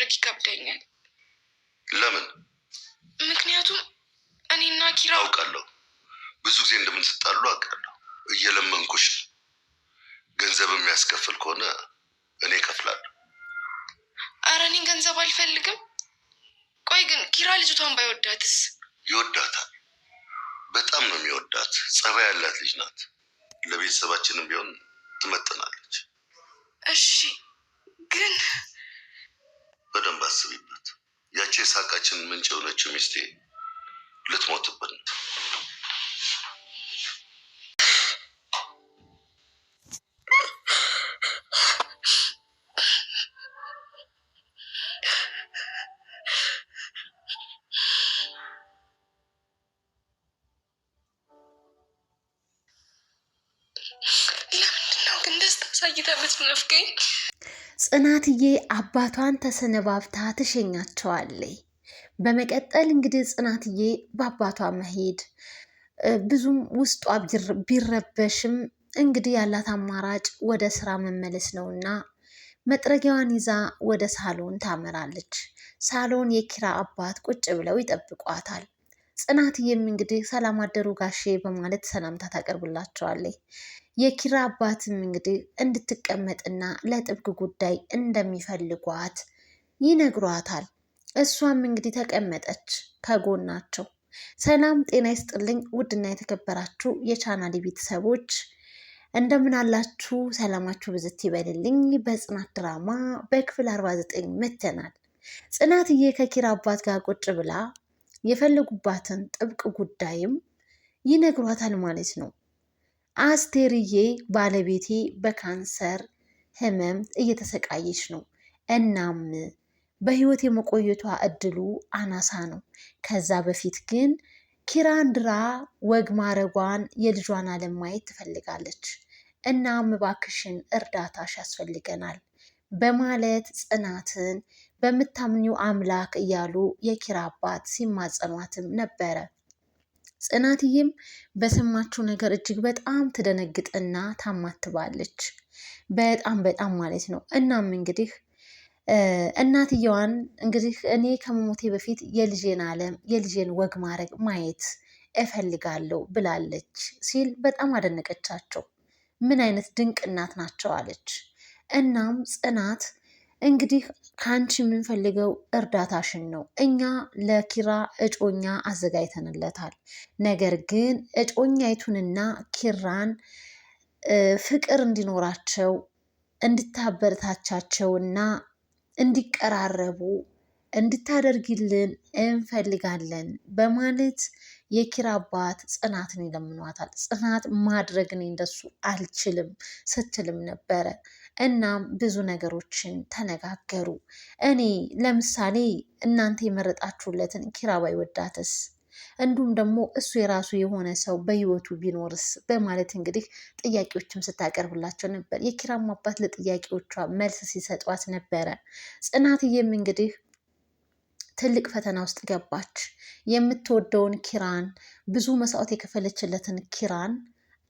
ማድረግ ይከብደኛል። ለምን? ምክንያቱም እኔና ኪራ አውቃለሁ፣ ብዙ ጊዜ እንደምንስጣሉ አውቃለሁ። እየለመንኩሽ ነው። ገንዘብ የሚያስከፍል ከሆነ እኔ እከፍላለሁ። አረ እኔ ገንዘብ አልፈልግም። ቆይ ግን ኪራ ልጅቷን ባይወዳትስ? ይወዳታል። በጣም ነው የሚወዳት። ጸባይ ያላት ልጅ ናት። ለቤተሰባችንም ቢሆን ትመጥናለች። እሺ ግን በደንብ አስቢበት። ያቺ የሳቃችን ምንጭ የሆነችው ሚስቴ ልትሞትብን ለምንድን ነው ግን ደስታ ሳይታ ብትነፍገኝ? ጽናትዬ አባቷን ተሰነባብታ ትሸኛቸዋለች። በመቀጠል እንግዲህ ጽናትዬ በአባቷ መሄድ ብዙም ውስጧ ቢረበሽም እንግዲህ ያላት አማራጭ ወደ ስራ መመለስ ነውና መጥረጊያዋን ይዛ ወደ ሳሎን ታመራለች። ሳሎን የኪራ አባት ቁጭ ብለው ይጠብቋታል። ጽናትዬም እንግዲህ ሰላም አደሩ ጋሼ በማለት ሰላምታ ታቀርብላቸዋለች። የኪራ አባትም እንግዲህ እንድትቀመጥና ለጥብቅ ጉዳይ እንደሚፈልጓት ይነግሯታል። እሷም እንግዲህ ተቀመጠች ከጎናቸው። ሰላም ጤና ይስጥልኝ ውድና የተከበራችሁ የቻናል ቤተሰቦች እንደምን አላችሁ? ሰላማችሁ ብዝት ይበልልኝ። በጽናት ድራማ በክፍል 49 መተናል። ጽናትዬ ከኪራ አባት ጋር ቁጭ ብላ የፈለጉባትን ጥብቅ ጉዳይም ይነግሯታል ማለት ነው። አስቴርዬ ባለቤቴ በካንሰር ህመም እየተሰቃየች ነው። እናም በህይወት የመቆየቷ እድሉ አናሳ ነው። ከዛ በፊት ግን ኪራንድራ ወግ ማረጓን የልጇን አለም ማየት ትፈልጋለች። እናም እባክሽን እርዳታሽ ያስፈልገናል በማለት ጽናትን በምታምኚው አምላክ እያሉ የኪራ አባት ሲማጸኗትም ነበረ። ጽናትዬም በሰማችው ነገር እጅግ በጣም ትደነግጥና ታማትባለች። በጣም በጣም ማለት ነው። እናም እንግዲህ እናትየዋን እንግዲህ እኔ ከመሞቴ በፊት የልጄን ዓለም የልጄን ወግ ማድረግ ማየት እፈልጋለሁ ብላለች ሲል በጣም አደነቀቻቸው። ምን አይነት ድንቅ እናት ናቸው አለች። እናም ጽናት እንግዲህ ከአንቺ የምንፈልገው እርዳታሽን ነው። እኛ ለኪራ እጮኛ አዘጋጅተንለታል። ነገር ግን እጮኛይቱንና ኪራን ፍቅር እንዲኖራቸው እንድታበረታቻቸውና እንዲቀራረቡ እንድታደርጊልን እንፈልጋለን በማለት የኪራ አባት ጽናትን ይለምኗታል። ጽናት ማድረግን እንደሱ አልችልም ስትልም ነበረ። እናም ብዙ ነገሮችን ተነጋገሩ። እኔ ለምሳሌ እናንተ የመረጣችሁለትን ኪራ ባይወዳትስ እንዲሁም ደግሞ እሱ የራሱ የሆነ ሰው በህይወቱ ቢኖርስ በማለት እንግዲህ ጥያቄዎችም ስታቀርብላቸው ነበር። የኪራም አባት ለጥያቄዎቿ መልስ ሲሰጧት ነበረ። ጽናትዬም እንግዲህ ትልቅ ፈተና ውስጥ ገባች። የምትወደውን ኪራን ብዙ መስዋዕት የከፈለችለትን ኪራን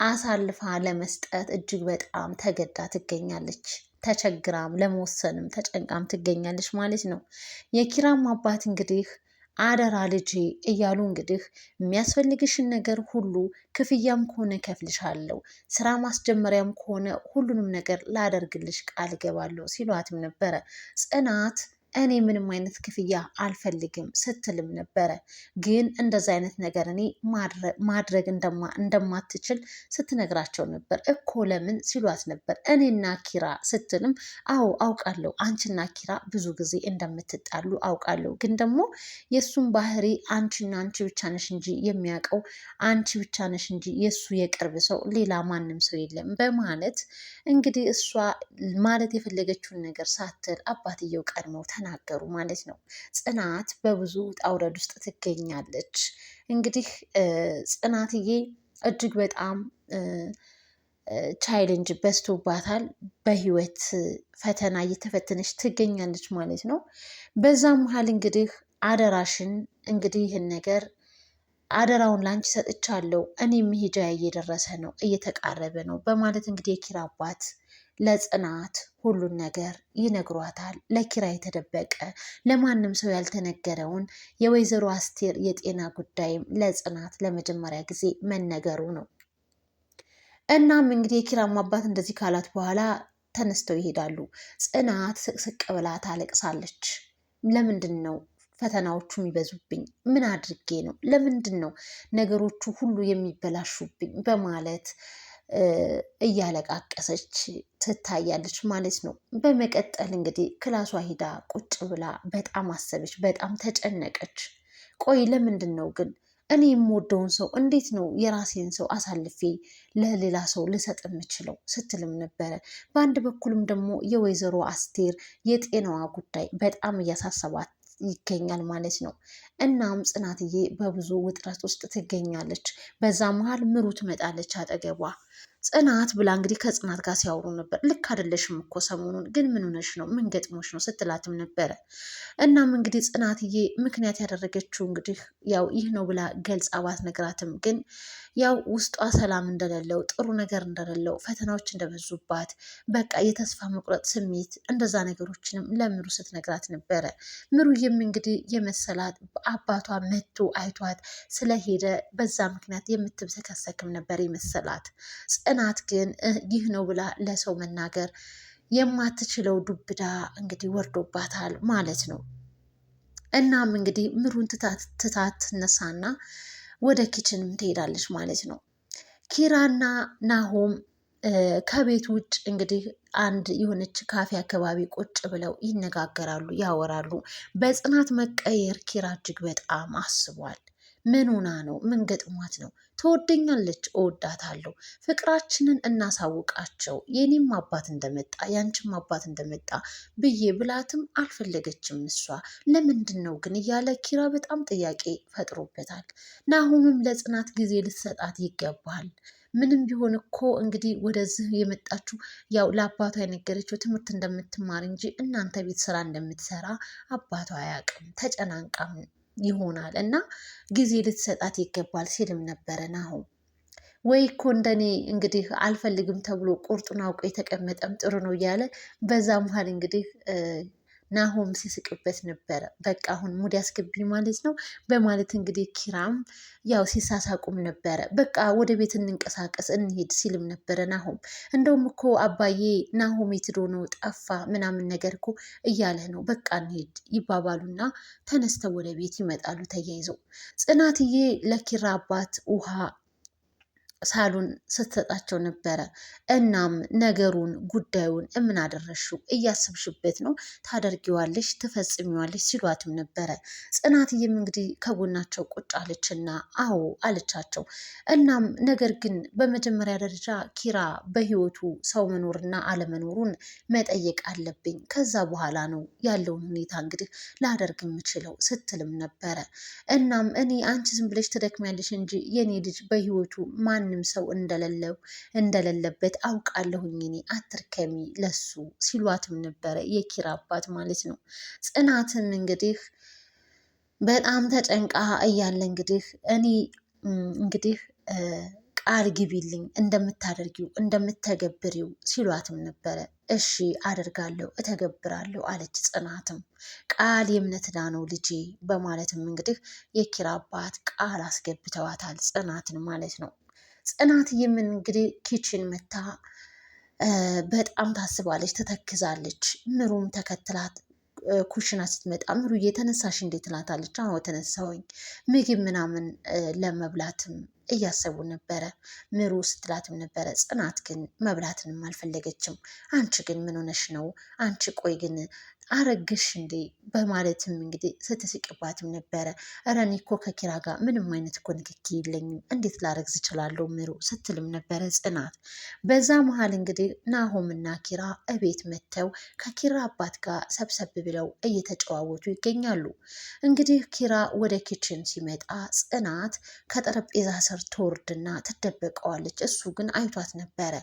አሳልፋ ለመስጠት እጅግ በጣም ተገዳ ትገኛለች። ተቸግራም ለመወሰንም ተጨንቃም ትገኛለች ማለት ነው። የኪራም አባት እንግዲህ አደራ ልጄ እያሉ እንግዲህ የሚያስፈልግሽን ነገር ሁሉ ክፍያም ከሆነ ከፍልሻለሁ፣ ስራ ማስጀመሪያም ከሆነ ሁሉንም ነገር ላደርግልሽ ቃል እገባለሁ ሲሏትም ነበረ ጽናት እኔ ምንም አይነት ክፍያ አልፈልግም ስትልም ነበረ። ግን እንደዚ አይነት ነገር እኔ ማድረግ እንደማትችል ስትነግራቸው ነበር እኮ ለምን ሲሏት ነበር። እኔና ኪራ ስትልም፣ አዎ አውቃለሁ አንቺና ኪራ ብዙ ጊዜ እንደምትጣሉ አውቃለሁ። ግን ደግሞ የእሱን ባህሪ አንቺና አንቺ ብቻ ነሽ እንጂ የሚያውቀው አንቺ ብቻ ነሽ እንጂ የእሱ የቅርብ ሰው ሌላ ማንም ሰው የለም በማለት እንግዲህ እሷ ማለት የፈለገችውን ነገር ሳትል አባትየው ቀድመው ተናገሩ ማለት ነው። ጽናት በብዙ ውጣ ውረድ ውስጥ ትገኛለች። እንግዲህ ጽናትዬ እጅግ በጣም ቻይለንጅ በዝቶባታል። በህይወት ፈተና እየተፈተነች ትገኛለች ማለት ነው። በዛም መሀል እንግዲህ አደራሽን እንግዲህ ይህን ነገር አደራውን ላንቺ ሰጥቻለሁ። እኔ ሂጃ እየደረሰ ነው፣ እየተቃረበ ነው በማለት እንግዲህ የኪራ አባት ለጽናት ሁሉን ነገር ይነግሯታል። ለኪራ የተደበቀ ለማንም ሰው ያልተነገረውን የወይዘሮ አስቴር የጤና ጉዳይም ለጽናት ለመጀመሪያ ጊዜ መነገሩ ነው። እናም እንግዲህ የኪራም አባት እንደዚህ ካላት በኋላ ተነስተው ይሄዳሉ። ጽናት ስቅስቅ ብላ ታለቅሳለች። ለምንድን ነው ፈተናዎቹ የሚበዙብኝ? ምን አድርጌ ነው? ለምንድን ነው ነገሮቹ ሁሉ የሚበላሹብኝ? በማለት እያለቃቀሰች ትታያለች ማለት ነው። በመቀጠል እንግዲህ ክላሷ ሂዳ ቁጭ ብላ በጣም አሰበች፣ በጣም ተጨነቀች። ቆይ ለምንድን ነው ግን እኔ የምወደውን ሰው እንዴት ነው የራሴን ሰው አሳልፌ ለሌላ ሰው ልሰጥ የምችለው ስትልም ነበረ። በአንድ በኩልም ደግሞ የወይዘሮ አስቴር የጤናዋ ጉዳይ በጣም እያሳሰባት ይገኛል ማለት ነው። እናም ጽናትዬ በብዙ ውጥረት ውስጥ ትገኛለች። በዛ መሀል ምሩ ትመጣለች አጠገቧ ጽናት ብላ እንግዲህ ከጽናት ጋር ሲያወሩ ነበር። ልክ አይደለሽም እኮ ሰሞኑን ግን ምን ሆነሽ ነው? ምን ገጥሞሽ ነው ስትላትም ነበረ። እናም እንግዲህ ጽናትዬ ምክንያት ያደረገችው እንግዲህ ያው ይህ ነው ብላ ገልጽ አባት ነግራትም፣ ግን ያው ውስጧ ሰላም እንደሌለው፣ ጥሩ ነገር እንደሌለው፣ ፈተናዎች እንደበዙባት በቃ የተስፋ መቁረጥ ስሜት እንደዛ ነገሮችንም ለምሩ ስትነግራት ነበረ። ምሩዬም እንግዲህ የመሰላት አባቷ መቶ አይቷት ስለሄደ በዛ ምክንያት የምትብሰከሰክም ነበር የመሰላት። ጽናት ግን ይህ ነው ብላ ለሰው መናገር የማትችለው ዱብዳ እንግዲህ ወርዶባታል ማለት ነው። እናም እንግዲህ ምሩን ትታት ትነሳና ወደ ኪችንም ትሄዳለች ማለት ነው። ኪራና ናሆም ከቤት ውጭ እንግዲህ አንድ የሆነች ካፌ አካባቢ ቁጭ ብለው ይነጋገራሉ፣ ያወራሉ። በጽናት መቀየር ኪራ እጅግ በጣም አስቧል። ምን ሆና ነው? ምን ገጥሟት ነው? ትወደኛለች፣ እወዳታለሁ፣ ፍቅራችንን እናሳውቃቸው፣ የኔም አባት እንደመጣ ያንቺም አባት እንደመጣ ብዬ ብላትም አልፈለገችም እሷ። ለምንድን ነው ግን እያለ ኪራ በጣም ጥያቄ ፈጥሮበታል። ናሁምም ለጽናት ጊዜ ልትሰጣት ይገባል። ምንም ቢሆን እኮ እንግዲህ ወደዚህ የመጣችው ያው ለአባቷ የነገረችው ትምህርት እንደምትማር እንጂ እናንተ ቤት ስራ እንደምትሰራ አባቷ አያውቅም። ተጨናንቃም ይሆናል እና ጊዜ ልትሰጣት ይገባል ሲልም ነበረ ናሁም። ወይ እኮ እንደኔ እንግዲህ አልፈልግም ተብሎ ቁርጡን አውቆ የተቀመጠም ጥሩ ነው እያለ በዛ መሀል እንግዲህ ናሆም ሲስቅበት ነበረ። በቃ አሁን ሙድ ያስገቢ ማለት ነው በማለት እንግዲህ ኪራም ያው ሲሳሳቁም ነበረ። በቃ ወደ ቤት እንንቀሳቀስ እንሄድ ሲልም ነበረ ናሆም። እንደውም እኮ አባዬ ናሆም የትዶ ነው ጠፋ ምናምን ነገር እኮ እያለ ነው በቃ እንሄድ ይባባሉና ተነስተው ወደ ቤት ይመጣሉ ተያይዘው። ጽናትዬ ለኪራ አባት ውሃ ሳሎን ስትሰጣቸው ነበረ። እናም ነገሩን ጉዳዩን እምን አደረሽው? እያስብሽበት ነው ታደርጊዋለሽ፣ ትፈጽሚዋለሽ ሲሏትም ነበረ። ጽናትዬም እንግዲህ ከጎናቸው ቁጭ አለችና አዎ አለቻቸው። እናም ነገር ግን በመጀመሪያ ደረጃ ኪራ በህይወቱ ሰው መኖርና አለመኖሩን መጠየቅ አለብኝ። ከዛ በኋላ ነው ያለውን ሁኔታ እንግዲህ ላደርግ የምችለው ስትልም ነበረ። እናም እኔ አንቺ ዝም ብለሽ ትደክሚያለሽ እንጂ የኔ ልጅ በህይወቱ ማን ማንም ሰው እንደሌለው እንደሌለበት አውቃለሁኝ እኔ አትርከሚ ለሱ ሲሏትም ነበረ የኪራ አባት ማለት ነው። ጽናትም እንግዲህ በጣም ተጨንቃ እያለ እንግዲህ እኔ እንግዲህ ቃል ግቢልኝ እንደምታደርጊው እንደምተገብሪው ሲሏትም ነበረ። እሺ አደርጋለሁ እተገብራለሁ አለች ጽናትም። ቃል የእምነት ነው ልጄ በማለትም እንግዲህ የኪራ አባት ቃል አስገብተዋታል ጽናትን ማለት ነው። ጽናትዬም እንግዲህ ኪችን መታ በጣም ታስባለች፣ ትተክዛለች። ምሩም ተከትላት ኩሽና ስትመጣ ምሩ እየተነሳሽ እንዴት ትላታለች። አዎ ተነሳሁኝ፣ ምግብ ምናምን ለመብላትም እያሰቡ ነበረ ምሩ ስትላትም ነበረ። ጽናት ግን መብላትንም አልፈለገችም። አንቺ ግን ምን ሆነሽ ነው? አንቺ ቆይ ግን አረግሽ እንዴ በማለትም እንግዲህ ስትስቅባትም ነበረ። እረ እኔ እኮ ከኪራ ጋር ምንም አይነት እኮ ንክኪ የለኝም እንዴት ላረግዝ እችላለሁ ምሩ ስትልም ነበረ ጽናት። በዛ መሀል እንግዲህ ናሆም እና ኪራ እቤት መጥተው ከኪራ አባት ጋር ሰብሰብ ብለው እየተጨዋወቱ ይገኛሉ። እንግዲህ ኪራ ወደ ኪችን ሲመጣ ጽናት ከጠረጴዛ ስር ትወርድና ትደበቀዋለች። እሱ ግን አይቷት ነበረ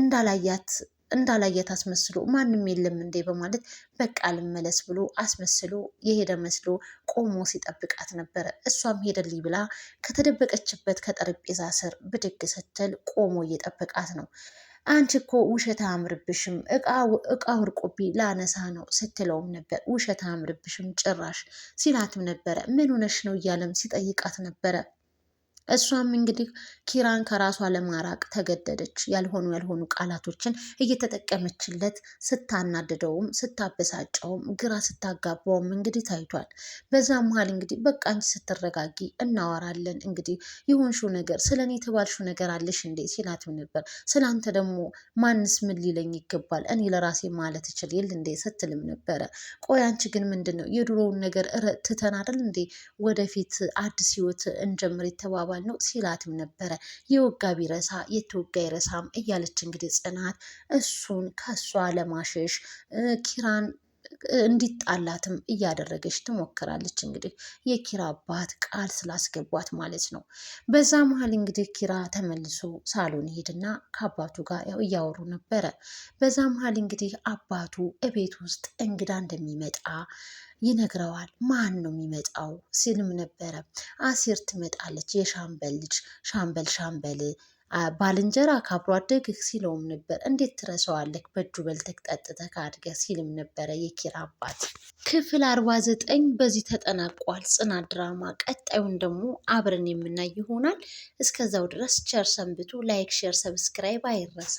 እንዳላያት እንዳላየ አስመስሎ ማንም የለም እንዴ በማለት በቃ ልመለስ ብሎ አስመስሎ የሄደ መስሎ ቆሞ ሲጠብቃት ነበረ። እሷም ሄደልኝ ብላ ከተደበቀችበት ከጠረጴዛ ስር ብድግ ስትል ቆሞ እየጠበቃት ነው። አንቺ እኮ ውሸት አያምርብሽም፣ እቃ ውርቆቢ ላነሳ ነው ስትለውም ነበር። ውሸት አያምርብሽም ጭራሽ ሲላትም ነበረ። ምን ሆነሽ ነው እያለም ሲጠይቃት ነበረ። እሷም እንግዲህ ኪራን ከራሷ ለማራቅ ተገደደች። ያልሆኑ ያልሆኑ ቃላቶችን እየተጠቀመችለት ስታናድደውም ስታበሳጨውም ግራ ስታጋባውም እንግዲህ ታይቷል። በዛ መሀል እንግዲህ በቃ አንቺ ስትረጋጊ እናወራለን እንግዲህ የሆንሽው ነገር ስለ እኔ የተባልሽው ነገር አለሽ እንዴ ሲላትም ነበር። ስለአንተ ደግሞ ማንስ ምን ሊለኝ ይገባል እኔ ለራሴ ማለት እችል የለ እንዴ ስትልም ነበረ። ቆይ አንቺ ግን ምንድን ነው የድሮውን ነገር ትተን አይደል እንዴ ወደፊት አዲስ ህይወት እንጀምር የተባባል ማለት ነው ሲላትም ነበረ። የወጋ ቢረሳ የተወጋ ይረሳም እያለች እንግዲህ ጽናት እሱን ከሷ ለማሸሽ ኪራን እንዲጣላትም እያደረገች ትሞክራለች። እንግዲህ የኪራ አባት ቃል ስላስገቧት ማለት ነው። በዛ መሀል እንግዲህ ኪራ ተመልሶ ሳሎን ሄድና ከአባቱ ጋር ያው እያወሩ ነበረ። በዛ መሀል እንግዲህ አባቱ እቤት ውስጥ እንግዳ እንደሚመጣ ይነግረዋል። ማን ነው የሚመጣው ሲልም ነበረ። አሲር ትመጣለች፣ የሻምበል ልጅ ሻምበል ሻምበል ባልንጀራ ካብሮ አደግህ ሲለውም ነበር። እንዴት ትረሳዋለህ በእጁ በልተህ ጠጥተህ አድገህ ሲልም ነበረ የኪራ አባት። ክፍል አርባ ዘጠኝ በዚህ ተጠናቋል። ጽናት ድራማ ቀጣዩን ደግሞ አብረን የምናይ ይሆናል። እስከዛው ድረስ ቸር ሰንብቱ። ላይክ፣ ሼር፣ ሰብስክራይብ አይረሳ።